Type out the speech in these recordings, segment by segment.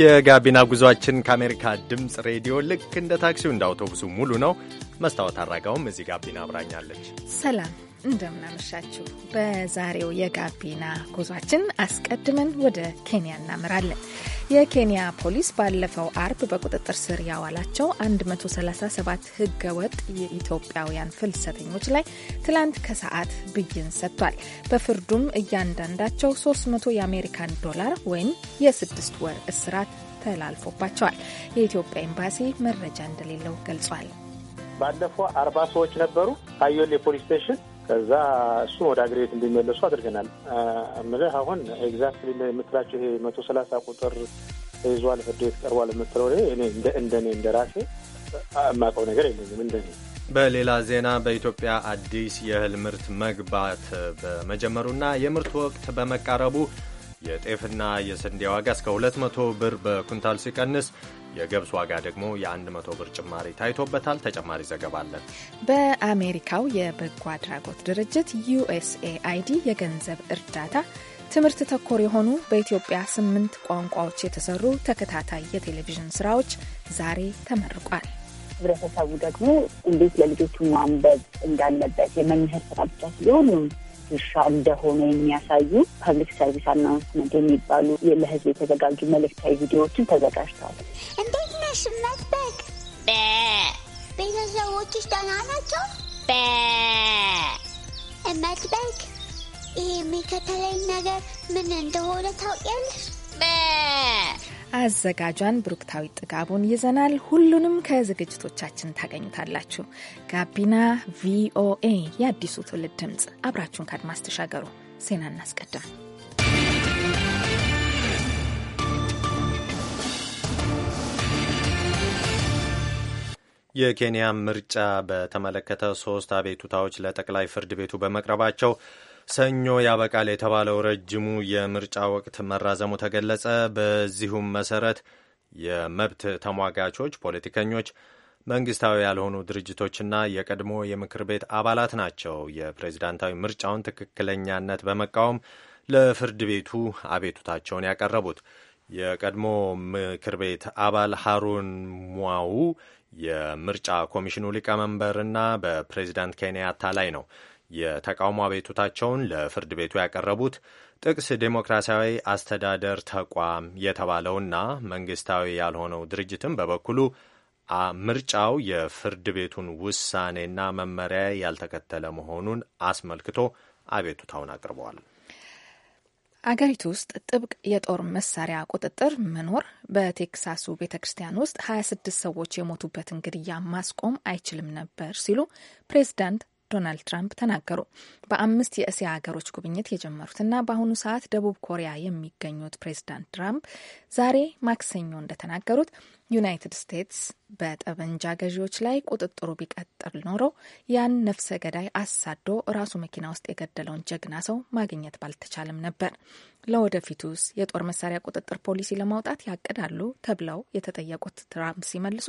የጋቢና ጉዟችን ከአሜሪካ ድምፅ ሬዲዮ ልክ እንደ ታክሲው እንደ አውቶቡሱ ሙሉ ነው። መስታወት አድራጋውም እዚህ ጋቢና አብራኛለች። ሰላም እንደምናመሻችሁ። በዛሬው የጋቢና ጉዟችን አስቀድመን ወደ ኬንያ እናምራለን። የኬንያ ፖሊስ ባለፈው አርብ በቁጥጥር ስር ያዋላቸው 137 ህገወጥ የኢትዮጵያውያን ፍልሰተኞች ላይ ትላንት ከሰዓት ብይን ሰጥቷል። በፍርዱም እያንዳንዳቸው 300 የአሜሪካን ዶላር ወይም የስድስት ወር እስራት ተላልፎባቸዋል። የኢትዮጵያ ኤምባሲ መረጃ እንደሌለው ገልጿል። ባለፈው አርባ ሰዎች ነበሩ አዮል የፖሊስ ስቴሽን ከዛ እሱን ወደ አገር ቤት እንዲመለሱ አድርገናል። ምልህ አሁን ኤግዛክትሊ የምትላቸው ይሄ መቶ ሰላሳ ቁጥር ተይዟል፣ ፍርድ ቤት ቀርቧል የምትለው እኔ እንደኔ እንደ ራሴ የማውቀው ነገር የለኝም እንደኔ። በሌላ ዜና በኢትዮጵያ አዲስ የእህል ምርት መግባት በመጀመሩና የምርት ወቅት በመቃረቡ የጤፍና የስንዴ ዋጋ እስከ 200 ብር በኩንታል ሲቀንስ የገብስ ዋጋ ደግሞ የ100 ብር ጭማሪ ታይቶበታል። ተጨማሪ ዘገባ አለን። በአሜሪካው የበጎ አድራጎት ድርጅት ዩኤስኤአይዲ የገንዘብ እርዳታ ትምህርት ተኮር የሆኑ በኢትዮጵያ ስምንት ቋንቋዎች የተሰሩ ተከታታይ የቴሌቪዥን ስራዎች ዛሬ ተመርቋል። ህብረተሰቡ ደግሞ እንዴት ለልጆቹ ማንበብ እንዳለበት የመምህር ስራ ብቻ ሲሆን ድርሻ እንደሆነ የሚያሳዩ ፐብሊክ ሰርቪስ አናውንስመንት የሚባሉ ለህዝብ የተዘጋጁ መልእክታዊ ቪዲዮዎችን ተዘጋጅተዋል። እንዴት ነሽ መስበክ ቤተሰቦችሽ ደህና ናቸው? መስበክ ይህ የሚከተለኝ ነገር ምን እንደሆነ ታውቂያለሽ? አዘጋጇን ብሩክታዊት ጥጋቡን ይዘናል። ሁሉንም ከዝግጅቶቻችን ታገኙታላችሁ። ጋቢና ቪኦኤ የአዲሱ ትውልድ ድምፅ፣ አብራችሁን ካድማስ ተሻገሩ። ዜና እናስቀድም። የኬንያ ምርጫ በተመለከተ ሶስት አቤቱታዎች ለጠቅላይ ፍርድ ቤቱ በመቅረባቸው ሰኞ ያበቃል የተባለው ረጅሙ የምርጫ ወቅት መራዘሙ ተገለጸ። በዚሁም መሰረት የመብት ተሟጋቾች፣ ፖለቲከኞች፣ መንግስታዊ ያልሆኑ ድርጅቶችና የቀድሞ የምክር ቤት አባላት ናቸው የፕሬዝዳንታዊ ምርጫውን ትክክለኛነት በመቃወም ለፍርድ ቤቱ አቤቱታቸውን ያቀረቡት። የቀድሞ ምክር ቤት አባል ሃሩን ሟው የምርጫ ኮሚሽኑ ሊቀመንበርና በፕሬዚዳንት ኬንያታ ላይ ነው የተቃውሞ አቤቱታቸውን ለፍርድ ቤቱ ያቀረቡት ጥቅስ ዴሞክራሲያዊ አስተዳደር ተቋም የተባለውና መንግስታዊ ያልሆነው ድርጅትም በበኩሉ ምርጫው የፍርድ ቤቱን ውሳኔና መመሪያ ያልተከተለ መሆኑን አስመልክቶ አቤቱታውን አቅርበዋል። አገሪቱ ውስጥ ጥብቅ የጦር መሳሪያ ቁጥጥር መኖር በቴክሳሱ ቤተ ክርስቲያን ውስጥ 26 ሰዎች የሞቱበትን ግድያ ማስቆም አይችልም ነበር ሲሉ ፕሬዚዳንት ዶናልድ ትራምፕ ተናገሩ። በአምስት የእስያ ሀገሮች ጉብኝት የጀመሩትና በአሁኑ ሰዓት ደቡብ ኮሪያ የሚገኙት ፕሬዚዳንት ትራምፕ ዛሬ ማክሰኞ እንደተናገሩት ዩናይትድ ስቴትስ በጠመንጃ ገዢዎች ላይ ቁጥጥሩ ቢቀጥል ኖሮ ያን ነፍሰ ገዳይ አሳዶ ራሱ መኪና ውስጥ የገደለውን ጀግና ሰው ማግኘት ባልተቻለም ነበር። ለወደፊቱስ የጦር መሳሪያ ቁጥጥር ፖሊሲ ለማውጣት ያቅዳሉ ተብለው የተጠየቁት ትራምፕ ሲመልሱ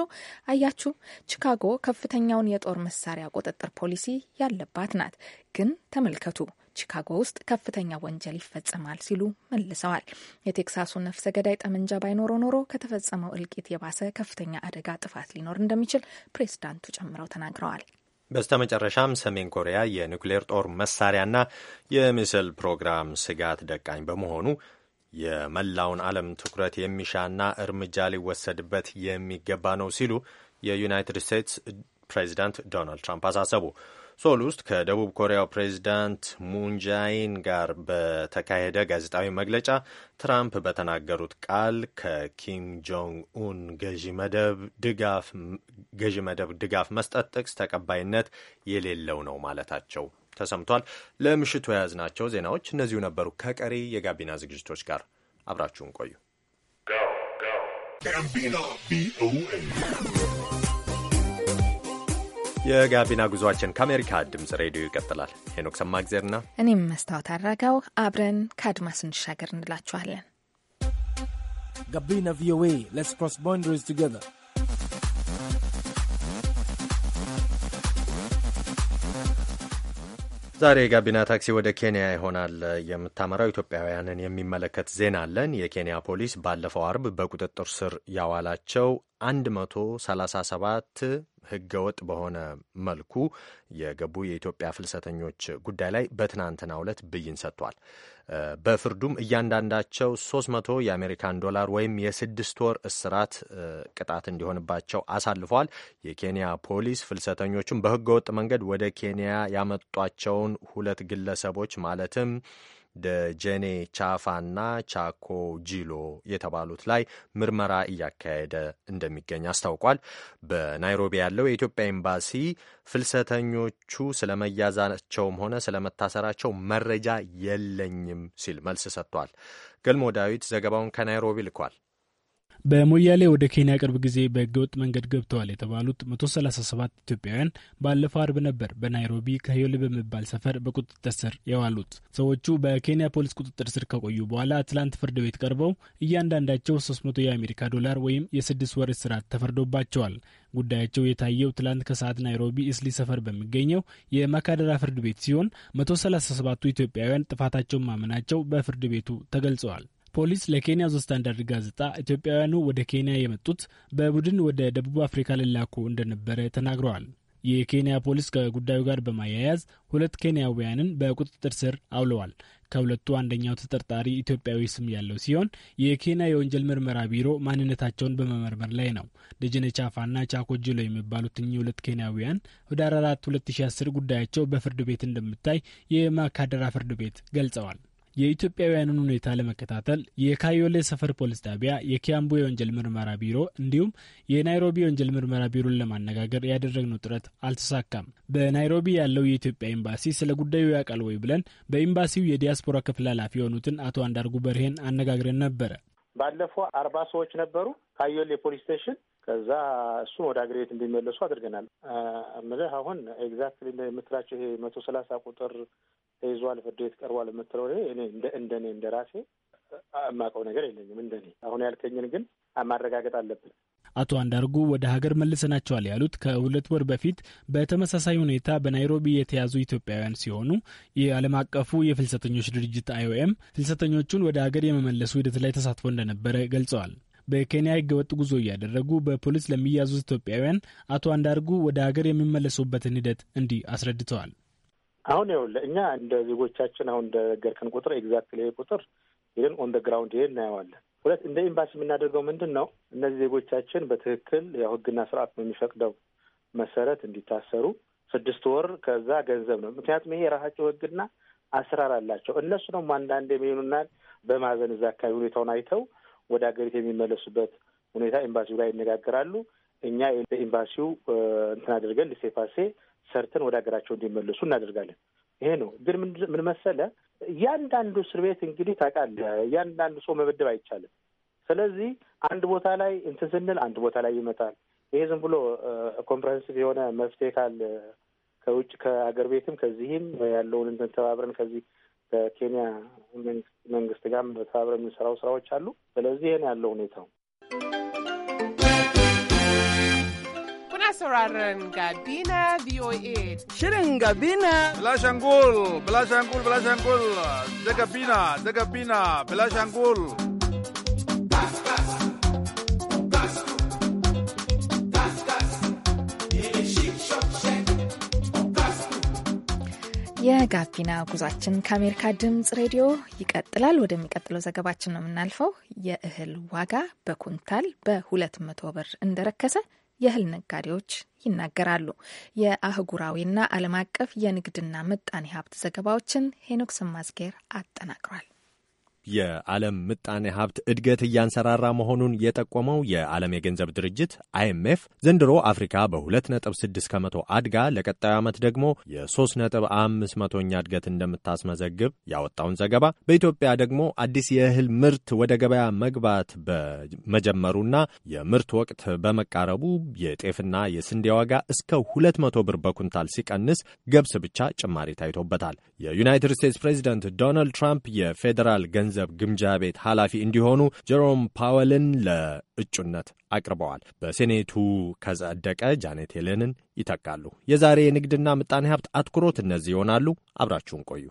አያችሁ፣ ቺካጎ ከፍተኛውን የጦር መሳሪያ ቁጥጥር ፖሊሲ ያለባት ናት። ግን ተመልከቱ ቺካጎ ውስጥ ከፍተኛ ወንጀል ይፈጸማል ሲሉ መልሰዋል። የቴክሳሱ ነፍሰ ገዳይ ጠመንጃ ባይኖረው ኖሮ ከተፈጸመው እልቂት የባሰ ከፍተኛ አደጋ ጥፋት ሊኖር እንደሚችል ፕሬዚዳንቱ ጨምረው ተናግረዋል። በስተ መጨረሻም ሰሜን ኮሪያ የኒውክሌር ጦር መሳሪያና የሚስል ፕሮግራም ስጋት ደቃኝ በመሆኑ የመላውን ዓለም ትኩረት የሚሻና እርምጃ ሊወሰድበት የሚገባ ነው ሲሉ የዩናይትድ ስቴትስ ፕሬዚዳንት ዶናልድ ትራምፕ አሳሰቡ። ሶል ውስጥ ከደቡብ ኮሪያው ፕሬዚዳንት ሙንጃይን ጋር በተካሄደ ጋዜጣዊ መግለጫ ትራምፕ በተናገሩት ቃል ከኪም ጆንግ ኡን ገዢ መደብ ድጋፍ ገዢ መደብ ድጋፍ መስጠት ጥቅስ ተቀባይነት የሌለው ነው ማለታቸው ተሰምቷል። ለምሽቱ የያዝናቸው ዜናዎች እነዚሁ ነበሩ። ከቀሪ የጋቢና ዝግጅቶች ጋር አብራችሁን ቆዩ። ጋቢና ቪኦኤ የጋቢና ጉዟችን ከአሜሪካ ድምጽ ሬዲዮ ይቀጥላል። ሄኖክ ሰማእግዜርና እኔም መስታወት አድረገው አብረን ከአድማስ እንሻገር እንላችኋለን። ጋቢና ቪኦኤ ሌትስ ክሮስ ቦንደሪስ ቱጌዘር ዛሬ የጋቢና ታክሲ ወደ ኬንያ ይሆናል የምታመራው። ኢትዮጵያውያንን የሚመለከት ዜና አለን። የኬንያ ፖሊስ ባለፈው አርብ በቁጥጥር ስር ያዋላቸው 137 ህገወጥ በሆነ መልኩ የገቡ የኢትዮጵያ ፍልሰተኞች ጉዳይ ላይ በትናንትናው ዕለት ብይን ሰጥቷል። በፍርዱም እያንዳንዳቸው 300 የአሜሪካን ዶላር ወይም የስድስት ወር እስራት ቅጣት እንዲሆንባቸው አሳልፏል። የኬንያ ፖሊስ ፍልሰተኞቹም በህገወጥ መንገድ ወደ ኬንያ ያመጧቸውን ሁለት ግለሰቦች ማለትም ደጀኔ ቻፋና ቻኮ ጂሎ የተባሉት ላይ ምርመራ እያካሄደ እንደሚገኝ አስታውቋል። በናይሮቢ ያለው የኢትዮጵያ ኤምባሲ ፍልሰተኞቹ ስለመያዛቸውም ሆነ ስለመታሰራቸው መረጃ የለኝም ሲል መልስ ሰጥቷል። ገልሞ ዳዊት ዘገባውን ከናይሮቢ ልኳል። በሞያሌ ወደ ኬንያ ቅርብ ጊዜ በህገወጥ መንገድ ገብተዋል የተባሉት 137 ኢትዮጵያውያን ባለፈው አርብ ነበር በናይሮቢ ከዮሌ በሚባል ሰፈር በቁጥጥር ስር የዋሉት። ሰዎቹ በኬንያ ፖሊስ ቁጥጥር ስር ከቆዩ በኋላ ትላንት ፍርድ ቤት ቀርበው እያንዳንዳቸው 300 የአሜሪካ ዶላር ወይም የስድስት ወር እስራት ተፈርዶባቸዋል። ጉዳያቸው የታየው ትላንት ከሰዓት ናይሮቢ እስሊ ሰፈር በሚገኘው የማካደራ ፍርድ ቤት ሲሆን 137ቱ ኢትዮጵያውያን ጥፋታቸውን ማመናቸው በፍርድ ቤቱ ተገልጸዋል። ፖሊስ ለኬንያ ዘ ስታንዳርድ ጋዜጣ ኢትዮጵያውያኑ ወደ ኬንያ የመጡት በቡድን ወደ ደቡብ አፍሪካ ሊላኩ እንደነበረ ተናግረዋል። የኬንያ ፖሊስ ከጉዳዩ ጋር በማያያዝ ሁለት ኬንያውያንን በቁጥጥር ስር አውለዋል። ከሁለቱ አንደኛው ተጠርጣሪ ኢትዮጵያዊ ስም ያለው ሲሆን የኬንያ የወንጀል ምርመራ ቢሮ ማንነታቸውን በመመርመር ላይ ነው። ደጀነ ቻፋና ቻኮጅሎ የሚባሉት እኚህ ሁለት ኬንያውያን ህዳር 4 2010 ጉዳያቸው በፍርድ ቤት እንደሚታይ የማካደራ ፍርድ ቤት ገልጸዋል። የኢትዮጵያውያንን ሁኔታ ለመከታተል የካዮሌ ሰፈር ፖሊስ ጣቢያ፣ የኪያምቡ የወንጀል ምርመራ ቢሮ እንዲሁም የናይሮቢ የወንጀል ምርመራ ቢሮን ለማነጋገር ያደረግነው ጥረት አልተሳካም። በናይሮቢ ያለው የኢትዮጵያ ኤምባሲ ስለ ጉዳዩ ያውቃል ወይ ብለን በኤምባሲው የዲያስፖራ ክፍል ኃላፊ የሆኑትን አቶ አንዳርጉ በርሄን አነጋግረን ነበረ። ባለፈው አርባ ሰዎች ነበሩ ካዮሌ ፖሊስ ስቴሽን። ከዛ እሱን ወደ አገር ቤት እንዲመለሱ አድርገናል። ምልህ አሁን ኤግዛክትሊ የምትላቸው ይሄ መቶ ሰላሳ ቁጥር ተይዟል፣ ፍርድ ቤት ቀርቧል የምትለው እኔ እንደ ራሴ የማውቀው ነገር የለኝም። እንደኔ አሁን ያልከኝን ግን ማረጋገጥ አለብን። አቶ አንዳርጉ ወደ ሀገር መልሰናቸዋል ያሉት ከሁለት ወር በፊት በተመሳሳይ ሁኔታ በናይሮቢ የተያዙ ኢትዮጵያውያን ሲሆኑ የዓለም አቀፉ የፍልሰተኞች ድርጅት አይኦኤም ፍልሰተኞቹን ወደ ሀገር የመመለሱ ሂደት ላይ ተሳትፎ እንደነበረ ገልጸዋል። በኬንያ ህገወጥ ጉዞ እያደረጉ በፖሊስ ለሚያዙት ኢትዮጵያውያን አቶ አንዳርጉ ወደ ሀገር የሚመለሱበትን ሂደት እንዲህ አስረድተዋል። አሁን ያው እኛ እንደ ዜጎቻችን አሁን እንደነገርከን ቁጥር ኤግዛክት ይሄ ቁጥር ይህን ኦን ደ ግራውንድ ይሄ እናየዋለን። ሁለት እንደ ኤምባሲ የምናደርገው ምንድን ነው እነዚህ ዜጎቻችን በትክክል ያው ህግና ስርዓት በሚፈቅደው መሰረት እንዲታሰሩ ስድስት ወር ከዛ ገንዘብ ነው። ምክንያቱም ይሄ የራሳቸው ህግና አሰራር አላቸው። እነሱ ነው አንዳንድ የሚሆኑና በማዘን እዛ አካባቢ ሁኔታውን አይተው ወደ ሀገሪት የሚመለሱበት ሁኔታ ኤምባሲው ላይ ይነጋገራሉ። እኛ ኤምባሲው እንትን አድርገን ሊሴፋሴ ሰርተን ወደ ሀገራቸው እንዲመለሱ እናደርጋለን። ይሄ ነው። ግን ምን መሰለ፣ እያንዳንዱ እስር ቤት እንግዲህ ታውቃለህ፣ እያንዳንዱ ሰው መመደብ አይቻልም። ስለዚህ አንድ ቦታ ላይ እንትን ስንል አንድ ቦታ ላይ ይመጣል። ይሄ ዝም ብሎ ኮምፕሬንሲቭ የሆነ መፍትሄ ካል ከውጭ ከሀገር ቤትም ከዚህም ያለውን እንትን ተባብረን ከዚህ ከኬንያ መንግስት ጋር ተባብረን የምንሰራው ስራዎች አሉ። ስለዚህ ይሄን ያለው ሁኔታው sauraron Gabina VOA. Shirin Gabina. Bilashangul, Bilashangul, Bilashangul, da Gabina, da Gabina, Bilashangul. የጋቢና ጉዟችን ከአሜሪካ ድምጽ ሬዲዮ ይቀጥላል። ወደሚቀጥለው ዘገባችን ነው የምናልፈው። የእህል ዋጋ በኩንታል በሁለት መቶ ብር እንደረከሰ የእህል ነጋዴዎች ይናገራሉ። የአህጉራዊና ዓለም አቀፍ የንግድና ምጣኔ ሀብት ዘገባዎችን ሄኖክ ስማዝጌር አጠናቅሯል። የዓለም ምጣኔ ሀብት እድገት እያንሰራራ መሆኑን የጠቆመው የዓለም የገንዘብ ድርጅት አይኤምኤፍ ዘንድሮ አፍሪካ በ2.6 ከመቶ አድጋ ለቀጣዩ ዓመት ደግሞ የ3.5 መቶኛ እድገት እንደምታስመዘግብ ያወጣውን ዘገባ በኢትዮጵያ ደግሞ አዲስ የእህል ምርት ወደ ገበያ መግባት በመጀመሩና የምርት ወቅት በመቃረቡ የጤፍና የስንዴ ዋጋ እስከ 200 ብር በኩንታል ሲቀንስ ገብስ ብቻ ጭማሪ ታይቶበታል። የዩናይትድ ስቴትስ ፕሬዚደንት ዶናልድ ትራምፕ የፌዴራል ገንዘብ የገንዘብ ግምጃ ቤት ኃላፊ እንዲሆኑ ጀሮም ፓወልን ለእጩነት አቅርበዋል። በሴኔቱ ከጸደቀ ጃኔት ሄለንን ይተካሉ። የዛሬ የንግድና ምጣኔ ሀብት አትኩሮት እነዚህ ይሆናሉ። አብራችሁን ቆዩ።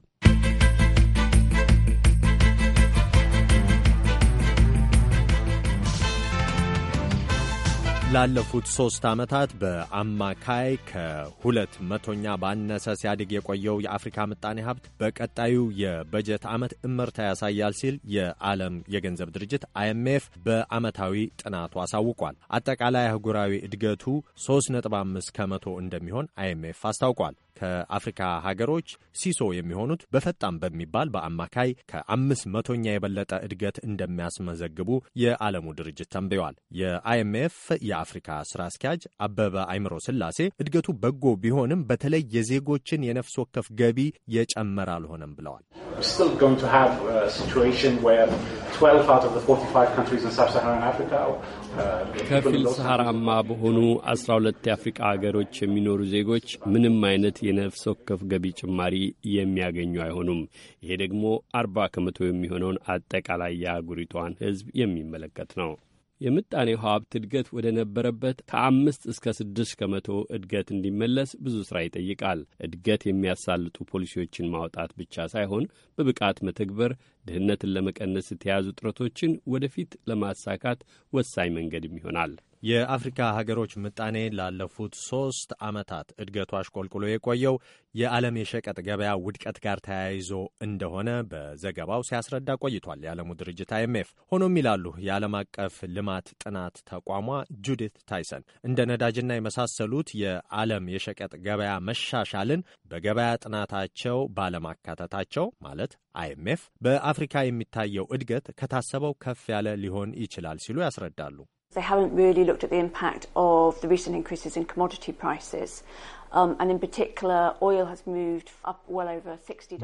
ላለፉት ሦስት ዓመታት በአማካይ ከሁለት መቶኛ ባነሰ ሲያድግ የቆየው የአፍሪካ ምጣኔ ሀብት በቀጣዩ የበጀት ዓመት እመርታ ያሳያል ሲል የዓለም የገንዘብ ድርጅት አይኤምኤፍ በዓመታዊ ጥናቱ አሳውቋል። አጠቃላይ አህጉራዊ እድገቱ 3.5 ከመቶ እንደሚሆን አይኤምኤፍ አስታውቋል። ከአፍሪካ ሀገሮች ሲሶ የሚሆኑት በፈጣን በሚባል በአማካይ ከአምስት መቶኛ የበለጠ እድገት እንደሚያስመዘግቡ የዓለሙ ድርጅት ተንብዋል። የአይኤምኤፍ የአፍሪካ ስራ አስኪያጅ አበበ አይምሮ ስላሴ እድገቱ በጎ ቢሆንም በተለይ የዜጎችን የነፍስ ወከፍ ገቢ የጨመረ አልሆነም ብለዋል። uh, ከፊል ሰሃራማ በሆኑ 12 የአፍሪካ ሀገሮች የሚኖሩ ዜጎች ምንም አይነት የነፍስ ወከፍ ገቢ ጭማሪ የሚያገኙ አይሆኑም። ይሄ ደግሞ አርባ ከመቶ የሚሆነውን አጠቃላይ የአህጉሪቷን ሕዝብ የሚመለከት ነው። የምጣኔ ሀብት እድገት ወደ ነበረበት ከአምስት እስከ ስድስት ከመቶ እድገት እንዲመለስ ብዙ ስራ ይጠይቃል። እድገት የሚያሳልጡ ፖሊሲዎችን ማውጣት ብቻ ሳይሆን በብቃት መተግበር ድህነትን ለመቀነስ የተያዙ ጥረቶችን ወደፊት ለማሳካት ወሳኝ መንገድም ይሆናል። የአፍሪካ ሀገሮች ምጣኔ ላለፉት ሶስት ዓመታት እድገቱ አሽቆልቁሎ የቆየው የዓለም የሸቀጥ ገበያ ውድቀት ጋር ተያይዞ እንደሆነ በዘገባው ሲያስረዳ ቆይቷል የዓለሙ ድርጅት አይኤምኤፍ። ሆኖም ይላሉ የዓለም አቀፍ ልማት ጥናት ተቋሟ ጁዲት ታይሰን እንደ ነዳጅና የመሳሰሉት የዓለም የሸቀጥ ገበያ መሻሻልን በገበያ ጥናታቸው ባለማካተታቸው ማለት አይኤምኤፍ በአፍሪካ የሚታየው እድገት ከታሰበው ከፍ ያለ ሊሆን ይችላል ሲሉ ያስረዳሉ። They haven't really looked at the impact of the recent increases in commodity prices Um,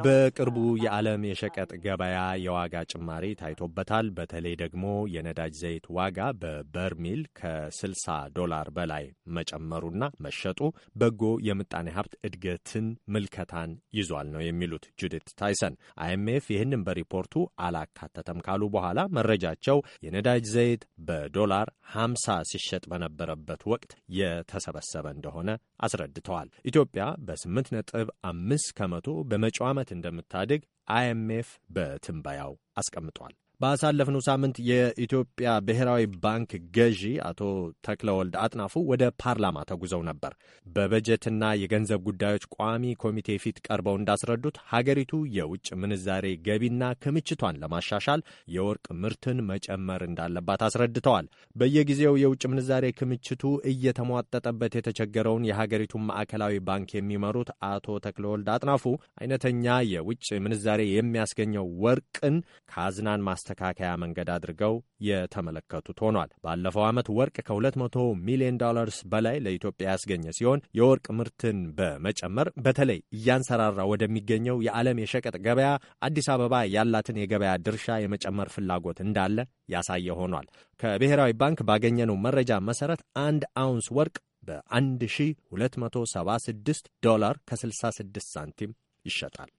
በቅርቡ የዓለም የሸቀጥ ገበያ የዋጋ ጭማሪ ታይቶበታል። በተለይ ደግሞ የነዳጅ ዘይት ዋጋ በበርሚል ከ60 ዶላር በላይ መጨመሩና መሸጡ በጎ የምጣኔ ሀብት እድገትን ምልከታን ይዟል ነው የሚሉት ጁዲት ታይሰን። አይኤምኤፍ ይህንን በሪፖርቱ አላካተተም ካሉ በኋላ መረጃቸው የነዳጅ ዘይት በዶላር 50 ሲሸጥ በነበረበት ወቅት የተሰበሰበ እንደሆነ አስረድተዋል። ገልጸዋል። ኢትዮጵያ በ8 ነጥብ 5 ከመቶ በመጪው ዓመት እንደምታድግ አይኤምኤፍ በትንባያው አስቀምጧል። ባሳለፍነው ሳምንት የኢትዮጵያ ብሔራዊ ባንክ ገዢ አቶ ተክለወልድ አጥናፉ ወደ ፓርላማ ተጉዘው ነበር። በበጀትና የገንዘብ ጉዳዮች ቋሚ ኮሚቴ ፊት ቀርበው እንዳስረዱት ሀገሪቱ የውጭ ምንዛሬ ገቢና ክምችቷን ለማሻሻል የወርቅ ምርትን መጨመር እንዳለባት አስረድተዋል። በየጊዜው የውጭ ምንዛሬ ክምችቱ እየተሟጠጠበት የተቸገረውን የሀገሪቱን ማዕከላዊ ባንክ የሚመሩት አቶ ተክለወልድ አጥናፉ አይነተኛ የውጭ ምንዛሬ የሚያስገኘው ወርቅን ከአዝናን ማስ ማስተካከያ መንገድ አድርገው የተመለከቱት ሆኗል። ባለፈው ዓመት ወርቅ ከ200 ሚሊዮን ዶላርስ በላይ ለኢትዮጵያ ያስገኘ ሲሆን የወርቅ ምርትን በመጨመር በተለይ እያንሰራራ ወደሚገኘው የዓለም የሸቀጥ ገበያ አዲስ አበባ ያላትን የገበያ ድርሻ የመጨመር ፍላጎት እንዳለ ያሳየ ሆኗል። ከብሔራዊ ባንክ ባገኘነው መረጃ መሰረት አንድ አውንስ ወርቅ በ1276 ዶላር ከ66 ሳንቲም ይሸጣል።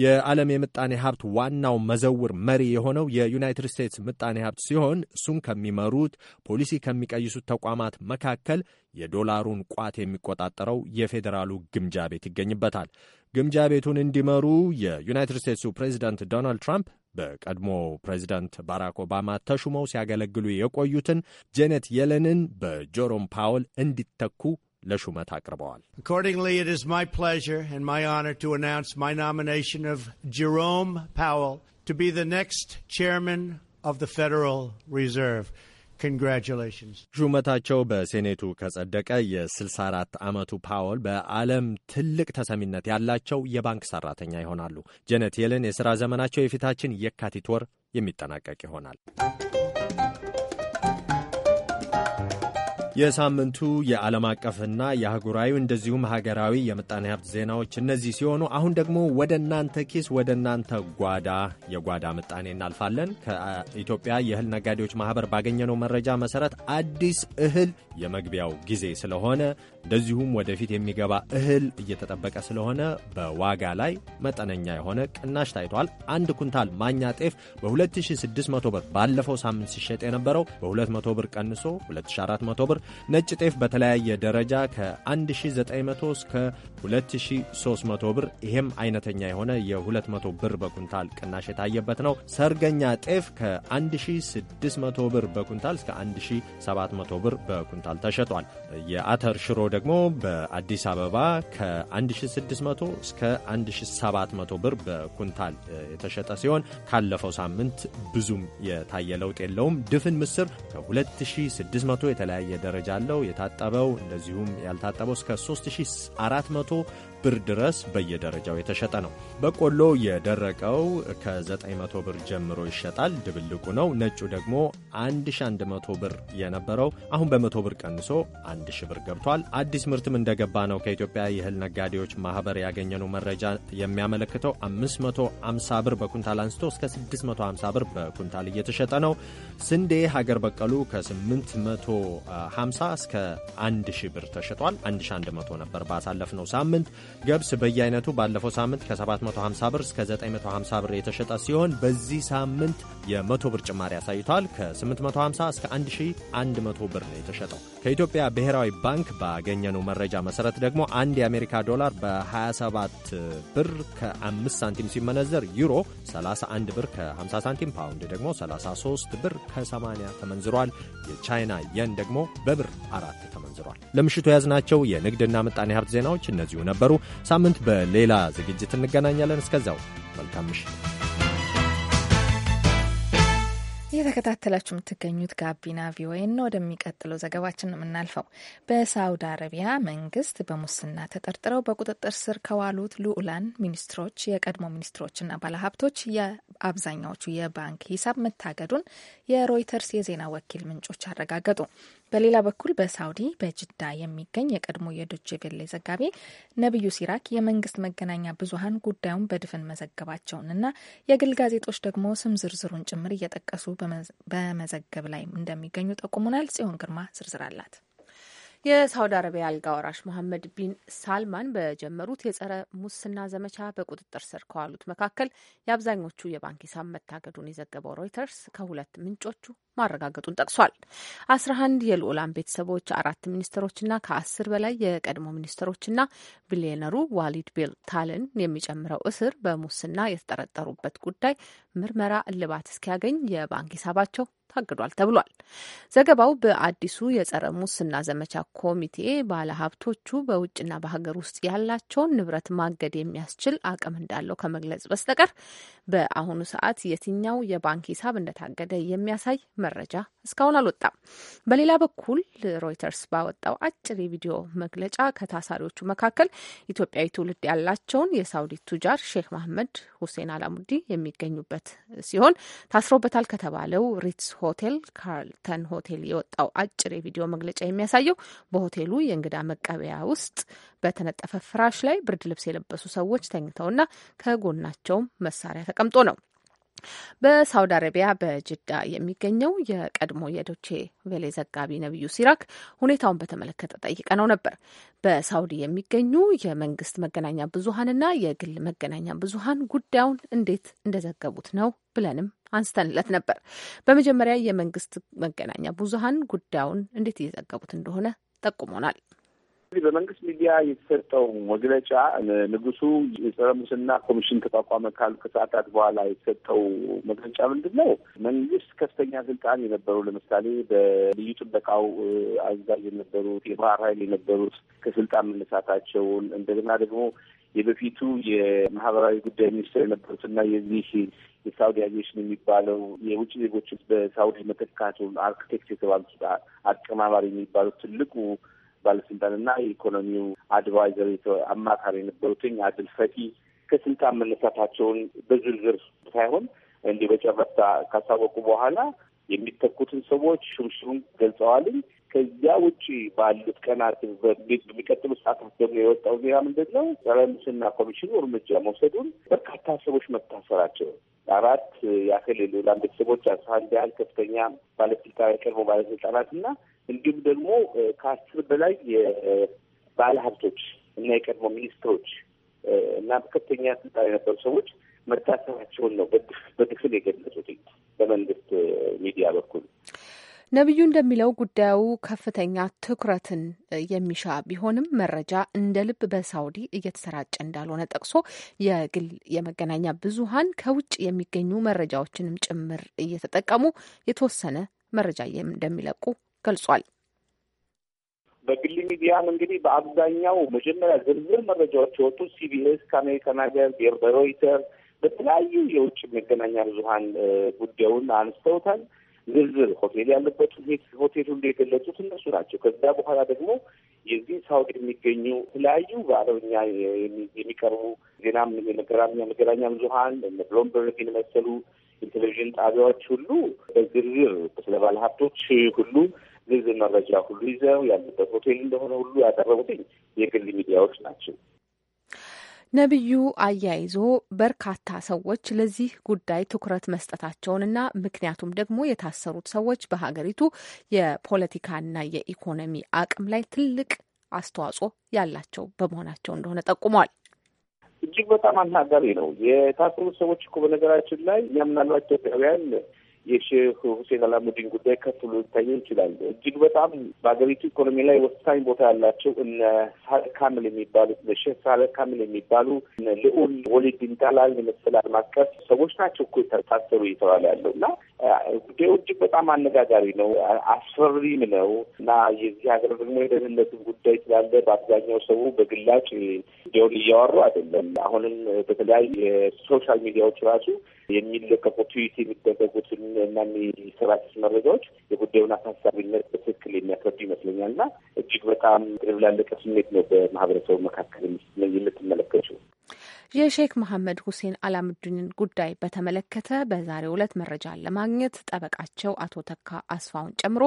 የዓለም የምጣኔ ሀብት ዋናው መዘውር መሪ የሆነው የዩናይትድ ስቴትስ ምጣኔ ሀብት ሲሆን እሱን ከሚመሩት ፖሊሲ ከሚቀይሱት ተቋማት መካከል የዶላሩን ቋት የሚቆጣጠረው የፌዴራሉ ግምጃ ቤት ይገኝበታል። ግምጃ ቤቱን እንዲመሩ የዩናይትድ ስቴትሱ ፕሬዚዳንት ዶናልድ ትራምፕ በቀድሞ ፕሬዚዳንት ባራክ ኦባማ ተሹመው ሲያገለግሉ የቆዩትን ጄኔት የለንን በጆሮም ፓወል እንዲተኩ ለሹመት አቅርበዋል። ሹመታቸው በሴኔቱ ከጸደቀ የ64 ዓመቱ ፓወል በዓለም ትልቅ ተሰሚነት ያላቸው የባንክ ሠራተኛ ይሆናሉ። ጀነት የለን የሥራ ዘመናቸው የፊታችን የካቲት ወር የሚጠናቀቅ ይሆናል። የሳምንቱ የዓለም አቀፍና የአህጉራዊ እንደዚሁም ሀገራዊ የምጣኔ ሀብት ዜናዎች እነዚህ ሲሆኑ አሁን ደግሞ ወደ እናንተ ኪስ ወደ እናንተ ጓዳ የጓዳ ምጣኔ እናልፋለን። ከኢትዮጵያ የእህል ነጋዴዎች ማህበር ባገኘነው መረጃ መሰረት አዲስ እህል የመግቢያው ጊዜ ስለሆነ እንደዚሁም ወደፊት የሚገባ እህል እየተጠበቀ ስለሆነ በዋጋ ላይ መጠነኛ የሆነ ቅናሽ ታይቷል። አንድ ኩንታል ማኛ ጤፍ በ2600 ብር ባለፈው ሳምንት ሲሸጥ የነበረው በ200 ብር ቀንሶ 2400 ብር፣ ነጭ ጤፍ በተለያየ ደረጃ ከ1900 እስከ 2300 ብር፣ ይሄም አይነተኛ የሆነ የ200 ብር በኩንታል ቅናሽ የታየበት ነው። ሰርገኛ ጤፍ ከ1600 ብር በኩንታል እስከ 1700 ብር በኩንታል ተሸጧል። የአተር ሽሮ ደግሞ በአዲስ አበባ ከ1600 እስከ 1700 ብር በኩንታል የተሸጠ ሲሆን ካለፈው ሳምንት ብዙም የታየ ለውጥ የለውም። ድፍን ምስር ከ2600 የተለያየ ደረጃ አለው። የታጠበው እንደዚሁም ያልታጠበው እስከ 3400 ብር ድረስ በየደረጃው የተሸጠ ነው። በቆሎ የደረቀው ከ900 ብር ጀምሮ ይሸጣል። ድብልቁ ነው። ነጩ ደግሞ 1100 ብር የነበረው አሁን በ100 ብር ቀንሶ 1000 ብር ገብቷል። አዲስ ምርትም እንደገባ ነው ከኢትዮጵያ የእህል ነጋዴዎች ማህበር ያገኘነው መረጃ የሚያመለክተው 550 ብር በኩንታል አንስቶ እስከ 650 ብር በኩንታል እየተሸጠ ነው። ስንዴ ሀገር በቀሉ ከ850 እስከ 1000 ብር ተሸጧል። 1100 ነበር ባሳለፍነው ሳምንት ገብስ በየአይነቱ ባለፈው ሳምንት ከ750 ብር እስከ 950 ብር የተሸጠ ሲሆን በዚህ ሳምንት የ100 ብር ጭማሪ አሳይቷል። ከ850 እስከ 1100 ብር ነው የተሸጠው። ከኢትዮጵያ ብሔራዊ ባንክ ባገኘነው መረጃ መሰረት ደግሞ አንድ የአሜሪካ ዶላር በ27 ብር ከ5 ሳንቲም ሲመነዘር ዩሮ 31 ብር ከ50 ሳንቲም፣ ፓውንድ ደግሞ 33 ብር ከ80 ተመንዝሯል። የቻይና የን ደግሞ በብር አራት ተመንዝሯል። ለምሽቱ የያዝናቸው የንግድና ምጣኔ ሀብት ዜናዎች እነዚሁ ነበሩ። ሳምንት በሌላ ዝግጅት እንገናኛለን። እስከዚያው መልካም ምሽት። እየተከታተላችሁ የምትገኙት ጋቢና ቪኦኤ ነው። ወደሚቀጥለው ዘገባችን የምናልፈው። በሳውዲ አረቢያ መንግስት በሙስና ተጠርጥረው በቁጥጥር ስር ከዋሉት ልዑላን ሚኒስትሮች፣ የቀድሞ ሚኒስትሮችና ባለሀብቶች የአብዛኛዎቹ የባንክ ሂሳብ መታገዱን የሮይተርስ የዜና ወኪል ምንጮች አረጋገጡ። በሌላ በኩል በሳውዲ በጅዳ የሚገኝ የቀድሞ የዶቼ ቬሌ ዘጋቢ ነቢዩ ሲራክ የመንግስት መገናኛ ብዙሀን ጉዳዩን በድፍን መዘገባቸውንና የግል ጋዜጦች ደግሞ ስም ዝርዝሩን ጭምር እየጠቀሱ በመዘገብ ላይ እንደሚገኙ ጠቁሙናል። ጽዮን ግርማ ዝርዝር አላት። የሳውዲ አረቢያ አልጋ ወራሽ መሐመድ ቢን ሳልማን በጀመሩት የጸረ ሙስና ዘመቻ በቁጥጥር ስር ከዋሉት መካከል የአብዛኞቹ የባንክ ሂሳብ መታገዱን የዘገበው ሮይተርስ ከሁለት ምንጮቹ ማረጋገጡን ጠቅሷል። አስራ አንድ የልዑላን ቤተሰቦች፣ አራት ሚኒስትሮችና ከአስር በላይ የቀድሞ ሚኒስትሮችና ቢሊዮነሩ ዋሊድ ቢል ታልን የሚጨምረው እስር በሙስና የተጠረጠሩበት ጉዳይ ምርመራ እልባት እስኪያገኝ የባንክ ሂሳባቸው ታግዷል ተብሏል። ዘገባው በአዲሱ የጸረ ሙስና ዘመቻ ኮሚቴ ባለሀብቶቹ በውጭና በሀገር ውስጥ ያላቸውን ንብረት ማገድ የሚያስችል አቅም እንዳለው ከመግለጽ በስተቀር በአሁኑ ሰዓት የትኛው የባንክ ሂሳብ እንደታገደ የሚያሳይ መረጃ እስካሁን አልወጣም። በሌላ በኩል ሮይተርስ ባወጣው አጭር የቪዲዮ መግለጫ ከታሳሪዎቹ መካከል ኢትዮጵያዊ ትውልድ ያላቸውን የሳውዲ ቱጃር ሼክ መሐመድ ሁሴን አላሙዲ የሚገኙበት ሲሆን ታስሮበታል ከተባለው ሪትስ ሆቴል ካርልተን ሆቴል የወጣው አጭር የቪዲዮ መግለጫ የሚያሳየው በሆቴሉ የእንግዳ መቀበያ ውስጥ በተነጠፈ ፍራሽ ላይ ብርድ ልብስ የለበሱ ሰዎች ተኝተውና ከጎናቸውም መሳሪያ ተቀምጦ ነው። በሳውዲ አረቢያ በጅዳ የሚገኘው የቀድሞ የዶቼ ቬሌ ዘጋቢ ነቢዩ ሲራክ ሁኔታውን በተመለከተ ጠይቀ ነው ነበር። በሳውዲ የሚገኙ የመንግስት መገናኛ ብዙሀንና የግል መገናኛ ብዙሀን ጉዳዩን እንዴት እንደዘገቡት ነው ብለንም አንስተንለት ነበር። በመጀመሪያ የመንግስት መገናኛ ብዙሀን ጉዳዩን እንዴት እየዘገቡት እንደሆነ ጠቁሞናል። በመንግስት ሚዲያ የተሰጠው መግለጫ ንጉሱ የጸረ ሙስና ኮሚሽን ተቋቋመ ካሉ ከሰዓታት በኋላ የተሰጠው መግለጫ ምንድን ነው? መንግስት ከፍተኛ ስልጣን የነበሩ ለምሳሌ በልዩ ጥበቃው አዛዥ የነበሩት የባህር ኃይል የነበሩት ከስልጣን መነሳታቸውን እንደገና ደግሞ የበፊቱ የማህበራዊ ጉዳይ ሚኒስትር የነበሩትና የዚህ የሳውዲ አቪዬሽን የሚባለው የውጭ ዜጎች በሳውዲ መተካቱ አርክቴክት የተባሉት አቀማማሪ የሚባሉት ትልቁ ባለስልጣን ባለስልጣንና የኢኮኖሚው አድቫይዘር አማካሪ የነበሩትኝ አድል ፈቲ ከስልጣን መነሳታቸውን በዝርዝር ሳይሆን እንዲህ በጨረታ ካሳወቁ በኋላ የሚተኩትን ሰዎች ሹምሹም ገልጸዋልኝ። ከዚያ ውጭ ባሉት ቀናት በሚቀጥሉ ሰዓታት ደግሞ የወጣው ዜና ምንድን ነው? ጸረ ሙስና ኮሚሽኑ እርምጃ መውሰዱን በርካታ ሰዎች መታሰራቸው አራት የክልሉ ላም ቤተሰቦች አስራ አንድ ያህል ከፍተኛ ባለስልጣን የቀድሞ ባለስልጣናት እና እንዲሁም ደግሞ ከአስር በላይ የባለሀብቶች እና የቀድሞ ሚኒስትሮች እና በከፍተኛ ስልጣን የነበሩ ሰዎች መታሰባቸውን ነው በትክክል የገለጹትኝ በመንግስት ሚዲያ በኩል። ነቢዩ እንደሚለው ጉዳዩ ከፍተኛ ትኩረትን የሚሻ ቢሆንም መረጃ እንደ ልብ በሳውዲ እየተሰራጨ እንዳልሆነ ጠቅሶ የግል የመገናኛ ብዙሃን ከውጭ የሚገኙ መረጃዎችንም ጭምር እየተጠቀሙ የተወሰነ መረጃ እንደሚለቁ ገልጿል። በግል ሚዲያም እንግዲህ በአብዛኛው መጀመሪያ ዝርዝር መረጃዎች የወጡት ሲቢኤስ ከአሜሪካን ሀገር፣ በሮይተር በተለያዩ የውጭ መገናኛ ብዙኃን ጉዳዩን አንስተውታል። ዝርዝር ሆቴል ያለበት ሆቴል ሁሉ የገለጹት እነሱ ናቸው። ከዛ በኋላ ደግሞ የዚህ ሳውዲ የሚገኙ የተለያዩ በአረብኛ የሚቀርቡ ዜናም ዜና መገናኛ ብዙኃን ብሎምበርግ የመሰሉ የቴሌቪዥን ጣቢያዎች ሁሉ በዝርዝር ስለ ባለሀብቶች ሁሉ ዝርዝር መረጃ ሁሉ ይዘው ያሉበት ሆቴል እንደሆነ ሁሉ ያቀረቡትኝ የግል ሚዲያዎች ናቸው። ነቢዩ አያይዞ በርካታ ሰዎች ለዚህ ጉዳይ ትኩረት መስጠታቸውንና ምክንያቱም ደግሞ የታሰሩት ሰዎች በሀገሪቱ የፖለቲካና የኢኮኖሚ አቅም ላይ ትልቅ አስተዋጽኦ ያላቸው በመሆናቸው እንደሆነ ጠቁሟል። እጅግ በጣም አናጋሪ ነው። የታሰሩት ሰዎች እኮ በነገራችን ላይ ያምናሏቸው ኢትዮጵያውያን የሼህ ሁሴን አላሙዲን ጉዳይ ከፍ ብሎ ሊታየው ይችላል። እጅግ በጣም በሀገሪቱ ኢኮኖሚ ላይ ወሳኝ ቦታ ያላቸው እነ ሳል ካምል የሚባሉ ሼህ ሳል ካምል የሚባሉ ልዑል ወሊድ ቢን ጣላል የመሰለ ዓለም አቀፍ ሰዎች ናቸው እኮ ታሰሩ እየተባለ ያለው እና ጉዳዩ እጅግ በጣም አነጋጋሪ ነው፣ አስፈሪም ነው እና የዚህ ሀገር ደግሞ የደህንነትን ጉዳይ ስላለ በአብዛኛው ሰው በግላጭ እንዲሆን እያወሩ አይደለም። አሁንም በተለያዩ የሶሻል ሚዲያዎች ራሱ የሚለቀቁ ትዊት የሚደረጉትን እና የሚሰራጩት መረጃዎች የጉዳዩን አሳሳቢነት በትክክል የሚያስረዱ ይመስለኛል እና እጅግ በጣም ቅርብ ላለቀ ስሜት ነው በማህበረሰቡ መካከል የምትመለከቱ የሼክ መሐመድ ሁሴን አላሙዲንን ጉዳይ በተመለከተ በዛሬው ዕለት መረጃ ለማግኘት ጠበቃቸው አቶ ተካ አስፋውን ጨምሮ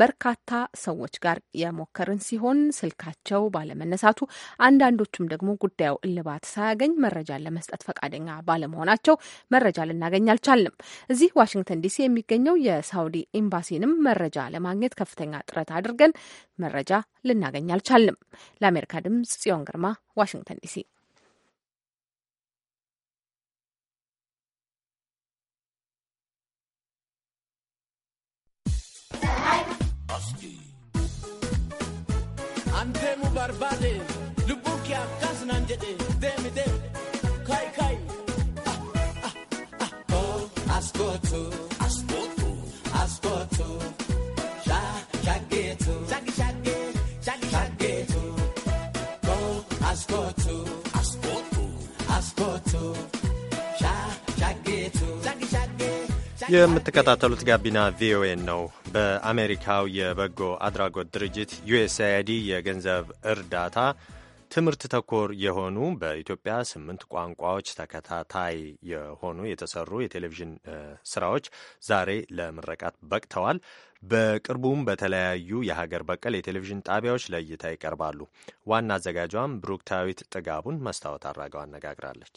በርካታ ሰዎች ጋር የሞከርን ሲሆን ስልካቸው ባለመነሳቱ አንዳንዶቹም ደግሞ ጉዳዩ እልባት ሳያገኝ መረጃን ለመስጠት ፈቃደኛ ባለመሆናቸው መረጃ ልናገኝ አልቻልንም። እዚህ ዋሽንግተን ዲሲ የሚገኘው የሳውዲ ኤምባሲንም መረጃ ለማግኘት ከፍተኛ ጥረት አድርገን መረጃ ልናገኝ አልቻልንም። ለአሜሪካ ድምጽ ጽዮን ግርማ ዋሽንግተን ዲሲ barba የምትከታተሉት ጋቢና ቪኦኤ ነው። በአሜሪካው የበጎ አድራጎት ድርጅት ዩኤስአይዲ የገንዘብ እርዳታ ትምህርት ተኮር የሆኑ በኢትዮጵያ ስምንት ቋንቋዎች ተከታታይ የሆኑ የተሰሩ የቴሌቪዥን ስራዎች ዛሬ ለምረቃት በቅተዋል። በቅርቡም በተለያዩ የሀገር በቀል የቴሌቪዥን ጣቢያዎች ለእይታ ይቀርባሉ። ዋና አዘጋጇም ብሩክታዊት ጥጋቡን መስታወት አድራገው አነጋግራለች።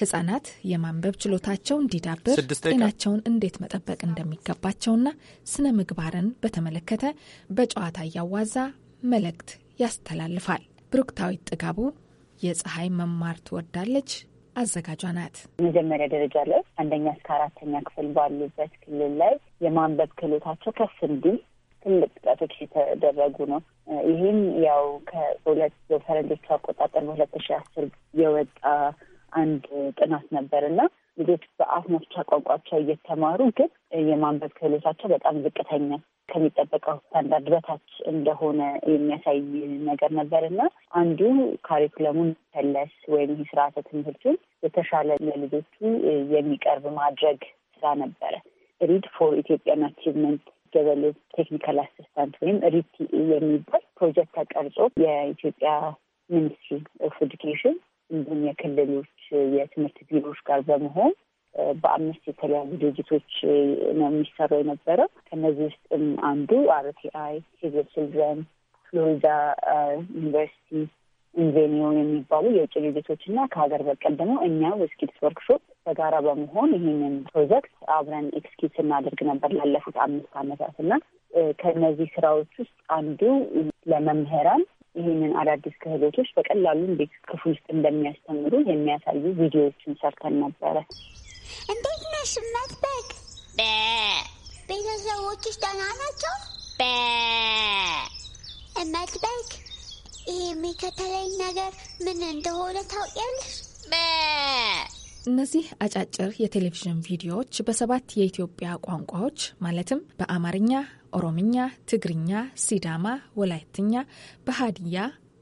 ህጻናት የማንበብ ችሎታቸው እንዲዳብር ጤናቸውን እንዴት መጠበቅ እንደሚገባቸውና ስነ ምግባርን በተመለከተ በጨዋታ እያዋዛ መልእክት ያስተላልፋል። ብሩክታዊት ጥጋቡ የፀሐይ መማር ትወዳለች አዘጋጇ ናት። የመጀመሪያ ደረጃ ላይ አንደኛ እስከ አራተኛ ክፍል ባሉበት ክልል ላይ የማንበብ ክህሎታቸው ከፍ እንዲል ትልቅ ጥቃቶች የተደረጉ ነው። ይህም ያው ከሁለት በፈረንጆቹ አቆጣጠር በሁለት ሺ አስር የወጣ አንድ ጥናት ነበር እና ልጆች በአፍ መፍቻ ቋንቋቸው እየተማሩ ግን የማንበብ ክህሎታቸው በጣም ዝቅተኛ ከሚጠበቀው ስታንዳርድ በታች እንደሆነ የሚያሳይ ነገር ነበር እና አንዱ ካሪኩለሙን መለስ ወይም ይህ ስርዓተ ትምህርቱን የተሻለ ለልጆቹ የሚቀርብ ማድረግ ስራ ነበረ። ሪድ ፎር ኢትዮጵያን አቺቭመንት ደቨሎፕ ቴክኒካል አሲስታንት ወይም ሪድ የሚባል ፕሮጀክት ተቀርጾ የኢትዮጵያ ሚኒስትሪ ኦፍ ኤዱኬሽን እንዲሁም የክልሎች የትምህርት ቢሮዎች ጋር በመሆን በአምስት የተለያዩ ድርጅቶች ነው የሚሰራው የነበረው። ከነዚህ ውስጥም አንዱ አርቲአይ፣ ሲቪል ችልድረን፣ ፍሎሪዳ ዩኒቨርሲቲ፣ ኢንቬኒዮ የሚባሉ የውጭ ድርጅቶች እና ከሀገር በቀል ደግሞ እኛ በስኪድስ ወርክሾፕ በጋራ በመሆን ይህንን ፕሮጀክት አብረን ኤክስኪዩት እናደርግ ነበር ላለፉት አምስት አመታት እና ከእነዚህ ስራዎች ውስጥ አንዱ ለመምህራን ይህንን አዳዲስ ክህሎቶች በቀላሉ እንዴት ክፍል ውስጥ እንደሚያስተምሩ የሚያሳዩ ቪዲዮዎችን ሰርተን ነበረ። እንዴት ነሽ እናት ቤተሰቦች ቤተሰቦችሽ ደህና ናቸው? እናት በግ፣ ይህ የሚከተለኝ ነገር ምን እንደሆነ ታውቂያለሽ? እነዚህ አጫጭር የቴሌቪዥን ቪዲዮዎች በሰባት የኢትዮጵያ ቋንቋዎች ማለትም በአማርኛ፣ ኦሮምኛ፣ ትግርኛ፣ ሲዳማ፣ ወላይትኛ፣ በሀዲያ፣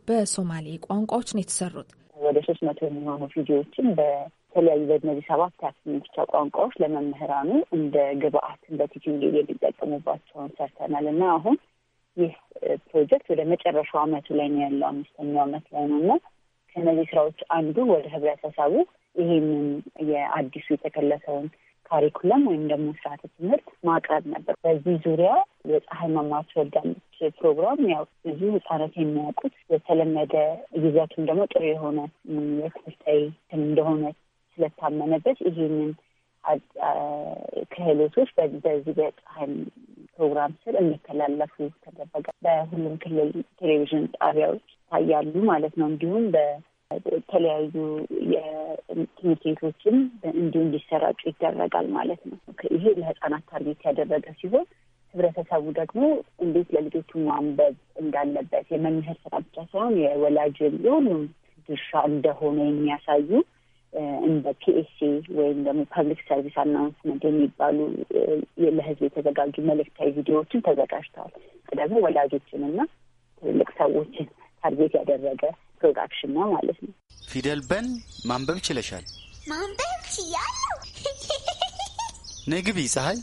በሶማሌ ቋንቋዎች ነው የተሰሩት። ወደ ሶስት መቶ የሚሆኑ ቪዲዮዎችን በተለያዩ በእነዚህ ሰባት አስምንቻ ቋንቋዎች ለመምህራኑ እንደ ግብአት እንደ ቲችንግ የሚጠቀሙባቸውን ሰርተናል እና አሁን ይህ ፕሮጀክት ወደ መጨረሻው አመቱ ላይ ነው ያለው፣ አምስተኛው አመት ላይ ነው እና ከእነዚህ ስራዎች አንዱ ወደ ህብረተሰቡ ይህንን የአዲሱ የተከለሰውን ካሪኩለም ወይም ደግሞ ስርዓተ ትምህርት ማቅረብ ነበር። በዚህ ዙሪያ የፀሐይ መማር ትወዳለች ፕሮግራም ያው ብዙ ህጻናት የሚያውቁት የተለመደ ጊዜያቱም ደግሞ ጥሩ የሆነ የትምህርታዊ እንደሆነ ስለታመነበት ይህንን ክህሎቶች በዚህ በፀሐይ ፕሮግራም ስር እንዲተላለፉ ተደረገ። በሁሉም ክልል ቴሌቪዥን ጣቢያዎች ይታያሉ ማለት ነው። እንዲሁም የተለያዩ የትምህርት ቤቶችም እንዲሁ እንዲሰራጩ ይደረጋል ማለት ነው። ይሄ ለህጻናት ታርጌት ያደረገ ሲሆን ህብረተሰቡ ደግሞ እንዴት ለልጆቹ ማንበብ እንዳለበት የመምህር ስራ ብቻ ሳይሆን የወላጅ የሁሉም ድርሻ እንደሆነ የሚያሳዩ እንደ ፒኤስሲ ወይም ደግሞ ፐብሊክ ሰርቪስ አናውንስመንት የሚባሉ ለህዝብ የተዘጋጁ መልእክታዊ ቪዲዮዎችን ተዘጋጅተዋል። ደግሞ ወላጆችን እና ትልልቅ ሰዎችን ታርጌት ያደረገ ፕሮዳክሽን ነው ማለት ነው። ፊደል በን ማንበብ ችለሻል? ማንበብ ችያለሁ። ንግቢ ፀሐይ።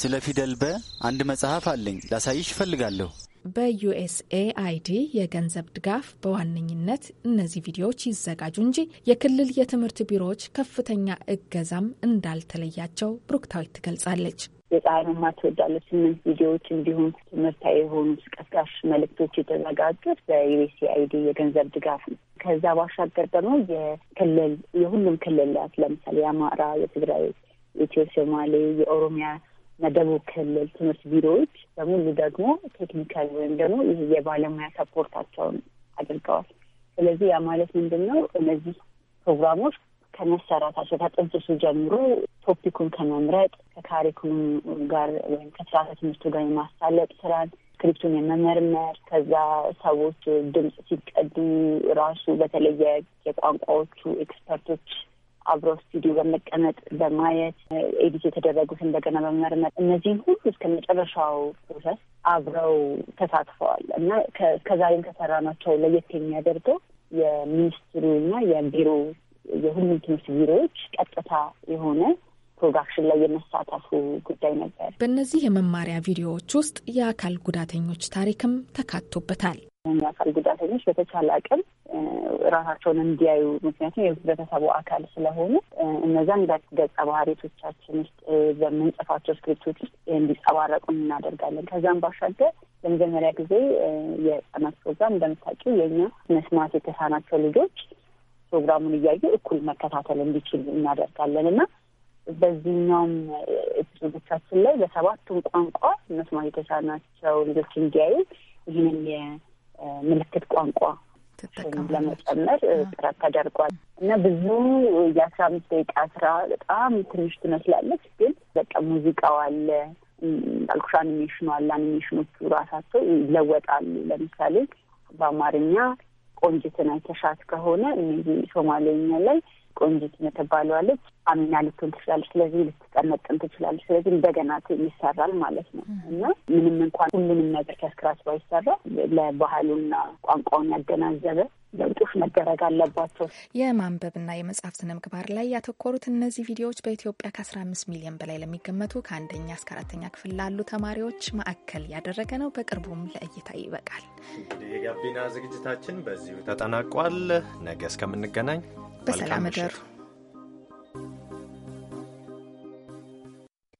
ስለ ፊደል በ አንድ መጽሐፍ አለኝ ላሳይሽ እፈልጋለሁ። በዩኤስኤ አይዲ የገንዘብ ድጋፍ በዋነኝነት እነዚህ ቪዲዮዎች ይዘጋጁ እንጂ የክልል የትምህርት ቢሮዎች ከፍተኛ እገዛም እንዳልተለያቸው ብሩክታዊት ትገልጻለች። የፀሐይ መማር ትወዳለች ስምንት ቪዲዮዎች እንዲሁም ትምህርታዊ የሆኑ ቀስቃሽ መልእክቶች የተዘጋጁት በዩኤስኤአይዲ የገንዘብ ድጋፍ ነው። ከዛ ባሻገር ደግሞ የክልል የሁሉም ክልላት ለምሳሌ የአማራ፣ የትግራይ፣ የኢትዮ ሶማሌ፣ የኦሮሚያ እና ደቡብ ክልል ትምህርት ቢሮዎች በሙሉ ደግሞ ቴክኒካል ወይም ደግሞ ይህ የባለሙያ ሰፖርታቸውን አድርገዋል። ስለዚህ ያ ማለት ምንድን ነው? እነዚህ ፕሮግራሞች ከመሰራታቸው ከጥንስሱ ጀምሮ ቶፒኩን ከመምረጥ ከካሪኩም ጋር ወይም ከስርዓተ ትምህርቱ ጋር የማሳለጥ ስራን ስክሪፕቱን የመመርመር ከዛ ሰዎች ድምፅ ሲቀዱ ራሱ በተለየ የቋንቋዎቹ ኤክስፐርቶች አብረው ስቱዲዮ በመቀመጥ በማየት ኤዲት የተደረጉት እንደገና በመመርመር እነዚህን ሁሉ እስከ መጨረሻው ፕሮሰስ አብረው ተሳትፈዋል እና ከዛሬም ከሰራናቸው ለየት የሚያደርገው የሚኒስትሩ እና የቢሮ የሁሉም ትምህርት ቢሮዎች ቀጥታ የሆነ ፕሮዳክሽን ላይ የመሳተፉ ጉዳይ ነበር። በእነዚህ የመማሪያ ቪዲዮዎች ውስጥ የአካል ጉዳተኞች ታሪክም ተካቶበታል። የአካል ጉዳተኞች በተቻለ አቅም ራሳቸውን እንዲያዩ ምክንያቱም የህብረተሰቡ አካል ስለሆኑ እነዛን ገጸ ባህሪቶቻችን ውስጥ በምንጽፋቸው ስክሪፕቶች ውስጥ እንዲጸባረቁ እናደርጋለን። ከዛም ባሻገር ለመጀመሪያ ጊዜ የህጻናት ፕሮግራም እንደምታውቂው የእኛ መስማት የተሳናቸው ልጆች ፕሮግራሙን እያዩ እኩል መከታተል እንዲችል እናደርጋለን እና በዚህኛውም ኤፒሶዶቻችን ላይ በሰባቱም ቋንቋ መስማት የተሳናቸው ልጆች እንዲያዩ ይህንን የምልክት ቋንቋ ለመጨመር ጥረት ተደርጓል እና ብዙ የአስራ አምስት ደቂቃ ስራ በጣም ትንሽ ትመስላለች፣ ግን በቃ ሙዚቃው አለ እንዳልኩሽ አኒሜሽኑ አለ። አኒሜሽኖቹ ራሳቸው ይለወጣሉ። ለምሳሌ በአማርኛ ቆንጅትን አይተሻት ከሆነ እነዚህ ሶማሌኛ ላይ ቆንጅት የምትባለዋለች አሚና ልትሆን ትችላለች። ስለዚህ ልትጠመጥን ትችላለች። ስለዚህ እንደገና ይሰራል ማለት ነው እና ምንም እንኳን ሁሉንም ነገር ከስክራች ባይሰራ ለባህሉና ቋንቋውን ያገናዘበ ለውጦች መደረግ አለባቸው። የማንበብና የመጽሐፍ ስነ ምግባር ላይ ያተኮሩት እነዚህ ቪዲዮዎች በኢትዮጵያ ከ15 ሚሊዮን በላይ ለሚገመቱ ከአንደኛ እስከ አራተኛ ክፍል ላሉ ተማሪዎች ማዕከል ያደረገ ነው። በቅርቡም ለእይታ ይበቃል። እንግዲህ የጋቢና ዝግጅታችን በዚሁ ተጠናቋል። ነገ እስከምንገናኝ በሰላም እደሩ።